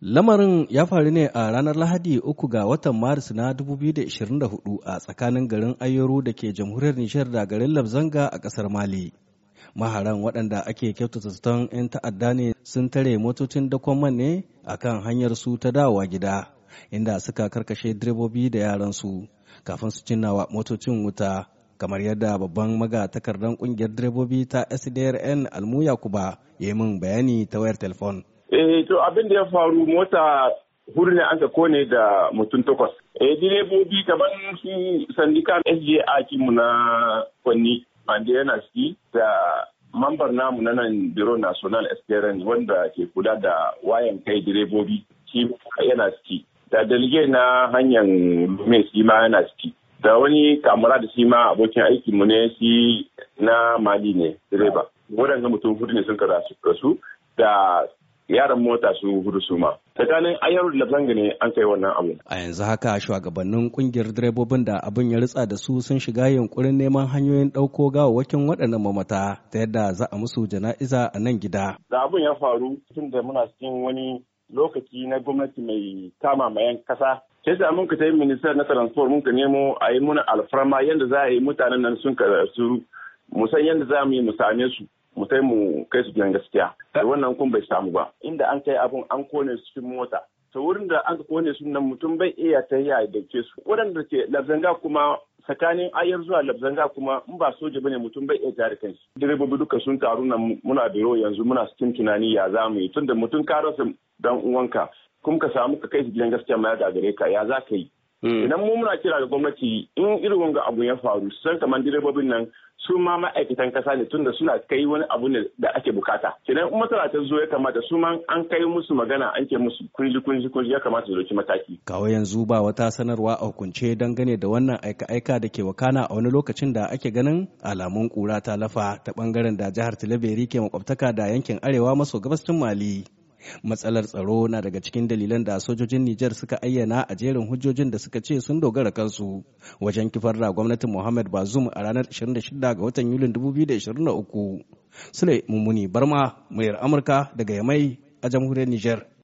Lamarin ya faru ne a ranar Lahadi uku ga watan Maris na 2024 a tsakanin garin Ayoro da ke jamhuriyar Nishar da garin Labzanga a ƙasar Mali. Maharan waɗanda ake kyautata zaton 'yan ta'adda ne sun tare motocin dakon man ne a kan hanyar su ta dawowa gida, inda suka karkashe direbobi da yaran su kafin su cinnawa motocin wuta. kamar yadda babban magatakardan ƙungiyar direbobi ta sdrn almu yakuba ya yi min bayani ta wayar telefon Eh to abin da ya faru mota hudu ne an kone da mutum takwas. Eh direbobi kamar su sandika SJ Akimu na Kwanni Bande yana ski da mambar namu na nan Biro National Experience wanda ke kula da wayan kai direbobi shi yana ciki. Da dalge na hanyar Lume shi ma yana ciki. Da wani kamara da shi ma abokin mu ne shi na Mali ne direba. wadanda mutum hudu ne sun rasu da yaran mota su hudu su ma tsakanin ayar da zanga ne an kai wannan abu a yanzu haka shugabannin kungiyar direbobin da abin ya ritsa da su sun shiga yunkurin neman hanyoyin ɗauko wakin waɗannan mamata ta yadda za a musu jana'iza a nan gida da abin ya faru tun da muna cikin wani lokaci na gwamnati mai kama mayan kasa sai sa mun ka yi na transport mun ka nemo a yi muna alfarma yadda za a yi mutanen nan sun ka su musan yadda za mu yi mu same su mu sai mu kai su gidan gaskiya da eh. wannan kun bai samu ba inda an kai abun an kone su cikin mota ta wurin da an kone su nan mutum bai iya ta ya dauke su waɗanda ke labzanga kuma tsakanin ayar zuwa labzanga kuma in ba soja bane mutum bai iya tare kansu direbobi duka sun taru nan muna biro yanzu muna cikin tunani ya za mu yi tunda mutum ka rasa dan uwanka kuma ka samu ka kai su gidan gaskiya ma ya gare ka ya za ka yi Hmm. Idan mu muna kira ga gwamnati in irin wanga abu ya faru san kamar direbobin nan su ma ma'aikatan kasa ne tunda suna kai wani abu ne da ake bukata. Kenan in matsala ta zo ya kamata su ma an kai musu magana an ke musu kunji kunji kunji ya kamata su mataki. Kawo yanzu ba wata sanarwa a hukunce dangane da wannan aika-aika da ke wakana a wani lokacin da ake ganin alamun kura ta lafa ta bangaren da jihar tileberi ke makwabtaka da yankin arewa maso gabas Mali. matsalar tsaro na daga cikin dalilan da sojojin Nijar suka ayyana a jerin hujjojin da suka ce sun dogara kansu wajen kifar da gwamnatin Muhammad Bazoum a ranar 26 ga watan Yulin 2023. Sule Mummuni Barma, muryar Amurka daga Yamai a jamhuriyar Nijar.